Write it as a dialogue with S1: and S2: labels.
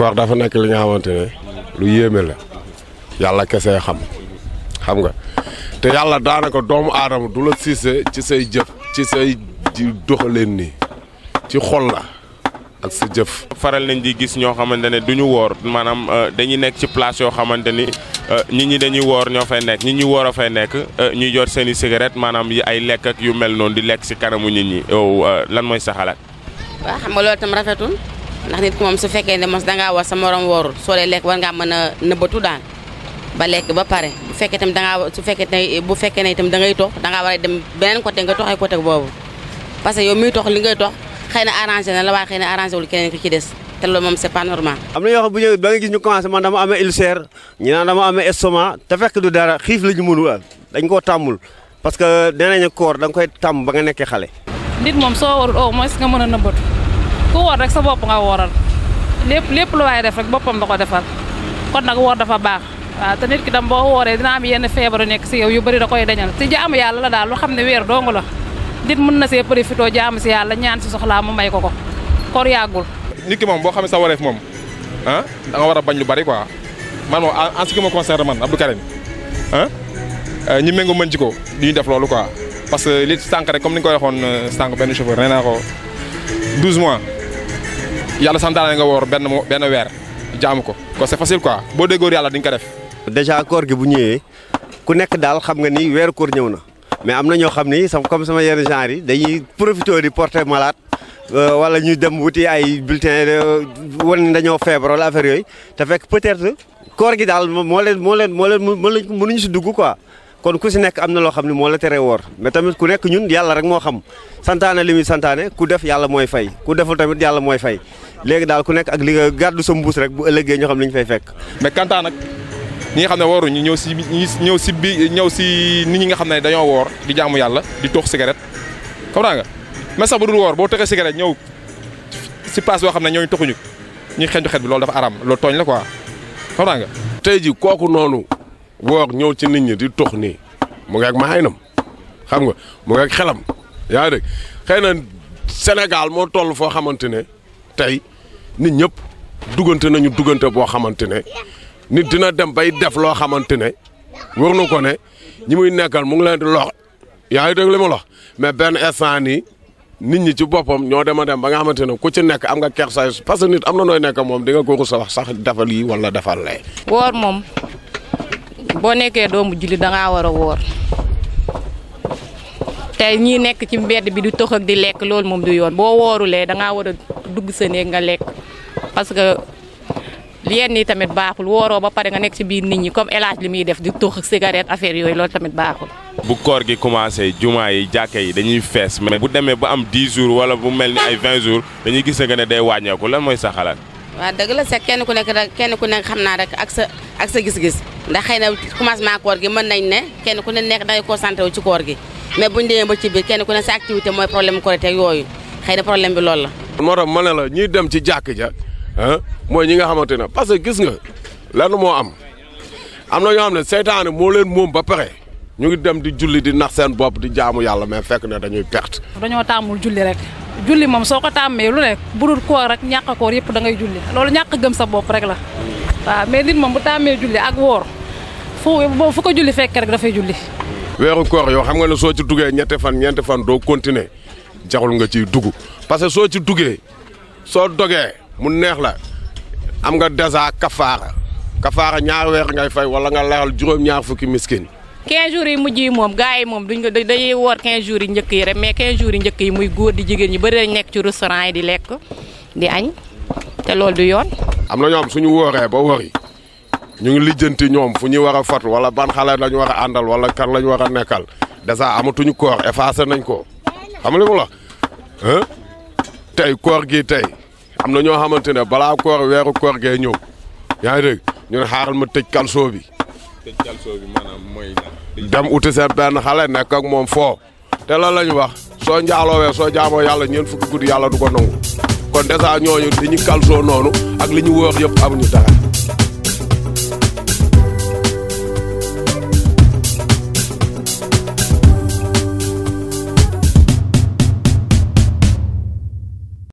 S1: koor dafa nekk li nga xamante ne lu yéeme la yàlla kese xam xam nga te yàlla daanaka doomu aadama du la siise ci say jëf ci say doxaleen nii ci xol la ak sa jëf.
S2: faral nañ di gis ñoo xamante ne du ñu woor maanaam euh, dañuy nekk ci place yoo xamante ni euh, nit ñi dañuy woor ñoo fay nekk nit ñi woor a fay nekk euh, ñuy jot seen i cigarette maanaam yi ay lekk yu mel noonu di lekk si kanamu nit ñi lan mooy sa xalaat.
S3: waaw xam tam rafetul. ndax nit ku mom su fekke ne mos nga war sa morom wor so le lek war nga meuna nebeutu nëbbatu ba lek ba pare bu fekke tam nga su fekke ne bu fekke ne tam da ngay tox dangaa war dem benen côté nga toxee côté bobu parce que yow mi tok li ngay tok xeyna arranger na la waaye xeyna arranger wul keneen ki ci dess té loolu mom
S4: c'est pas normal am na yoo xam bu ñëw ba nga gis ñu commencé man dama amé ulcer ñina dama amé estomac ta fekk du dara xif lañu mënu dañ ko tamul parce que dañ koor koy tam ba nga xalé
S2: nit moins nga mëna nebeut ku woor rek sa bopp nga wooral lépp lépp lu waaye def rek boppam da ko defal kon nag woor dafa baax waaw te nit ki dam boo wooree dina am yenn feebaru nekk si yow yu bëri da koy dañal si jaamu yàlla la daal lu xam ne weer dong la nit mën na see profité jaamu si yàlla ñaan si soxlaa mu may ko ko kor yàggul nit ki moom boo xam ne sa wareef moom ah da war a bañ lu bari quoi man moom en ce qui me concerne man Abdou Karim ah euh, mën ci ko du def loolu quoi parce que li sànq rek comme ni nga ko euh, sànq benn chauffeur nee naa ko 12 mois yàlla santaane nga woor benn benn weer jaamu ko ko c'est facile quoi boo déggoor yàlla di nga ko def.
S4: déjà koor gi bu ñëwee ku nekk daal xam nga ni weeru koor ñëw na mais am na ñoo xam ni sam comme sama yenn genre yi dañuy profité di porter malade euh, wala ñu dem wuti ay bulletin euh, wan ni dañoo feebar wala affaire yooyu te fekk peut-être koor gi daal moo leen moo leen moo leen mënuñu si dugg quoi. kon ku si nekk am na loo xam ne moo la teree woor mais tamit ku nekk ñun yàlla rek moo xam santaane li muy santaane ku def yàlla mooy fay ku deful tamit yàlla mooy fay léegi daal ku nekk ak li nga gàddu sa mbuus rek bu ëllëgee ñoo xam ne ñu fay fekk mais kantaa nag ñi nga xam ne waruñu ñëw si
S2: ñëw si bi ñëw si nit ñi nga xam ne dañoo woor di jaamu yàlla di tox cigarette xam naa nga mais sax bu dul woor boo tëxee cigarette ñëw si place boo xam ne ñooñu toxuñu ñu xenju xet bi loolu dafa aram loolu tooñ la quoi xam naa nga tey ji kooku noonu woor
S1: ñëw ci nit ñi di tox nii mu ngi ak maxaynam xam nga mu ngi ak xelam yaa moo toll foo xamante ne tey nit ñëpp dugante nañu dugante boo xamante ne nit dina dem bay def loo xamante ne war na ko ne ñi muy nekkal mu ngi leen di lox yaa ngi dégg li ma lox mais benn instant nii nit ñi ci boppam ñoo dem a dem ba nga xamante ne ku ci nekk am nga kersaay parce que nit am na nooy nekk moom di nga ko rus wax sax defal yi wala defal lay.
S3: woor moom boo nekkee doomu julli da ngaa war a woor tey ñii nekk ci mbedd bi di tox di lekk loolu moom du yoon boo woorulee da ngaa war dugg sa néeg nga lekk parce que yenn yi tamit baaxul wooroo ba pare nga nekk ci biir nit ñi comme élage li muy def di tux cigarette affaire yooyu loolu tamit baaxul.
S2: bu koor gi commencé jumaa yi jàkka yi dañuy fees mais bu demee ba am 10 jours wala bu mel ni ay 20 jours dañuy gis ne day wàññeeku lan mooy sa xalaat.
S3: waaw dëgg la sax kenn ku nekk rek kenn ku nekk xam naa rek ak sa ak sa gis-gis ndax xëy na commencement koor gi mën nañ ne kenn ku ne nekk dangay concentré wu ci koor gi mais buñu kenn ku ne sa activité mooy problème mu korité yooyu xëy loolu la.
S1: moo tax ma ne la ñuy dem ci jàkk ja ah mooy ñi nga xamante ne parce que gis nga lan moo am am na ñoo ne seytaane moo leen moom ba pare ñu ngi dem di julli di nax seen bopp di jaamu yàlla mais fekk ne dañuy perte.
S2: dañoo tàmmul julli rek julli moom soo ko tàmmee lu ne budul koor rek ñàkk koor yëpp da ngay julli loolu ñàkk gëm sa bopp rek la waaw mais nit moom bu tàmmee julli ak woor fu fu ko julli fekk rek dafay julli.
S1: weeru koor yoo xam nga ne soo ci duggee ñetti fan ñeenti fan doo continuer. jaxul nga ci dugg parce que soo ci duggee soo dogee mu neex la am nga dèjà kafaara kafaara ñaar weer ngay fay wala nga leeral juróom-ñaar fukki miskin
S3: 15 jours yi mujj yi moom gars yi moom duñ ko dañuy woor 15 jours yi njëkk yi rek mais 15 jours yi njëkk yi muy góor di jigéen ñi bëri dañ nekk ci restaurant yi di lekk di añ
S1: te loolu du yoon. am na ñoom suñu wooree ba wori ñu ngi lijjanti ñoom fu ñuy war a fatu wala ban xale lañu war a àndal wala kan lañu war a nekkal dèjà amatuñu koor nañ ko xam nga mu la ah tey koor gi tey am na ñoo xamante ne balaa koor weeru koor geey ñëw yaa ngi dégg ñu xaaral ma tëj kalso bi.
S2: tëj bi maanaam mooy. dem
S1: uti seen benn xale nekk ak moom foo te lan la ñu wax soo njaaloowee soo jaamoo yàlla ñeent fukki guddi yàlla du ko nangu kon dèjà ñooñu li ñu kalso noonu ak li ñu wóor yëpp amuñu dara.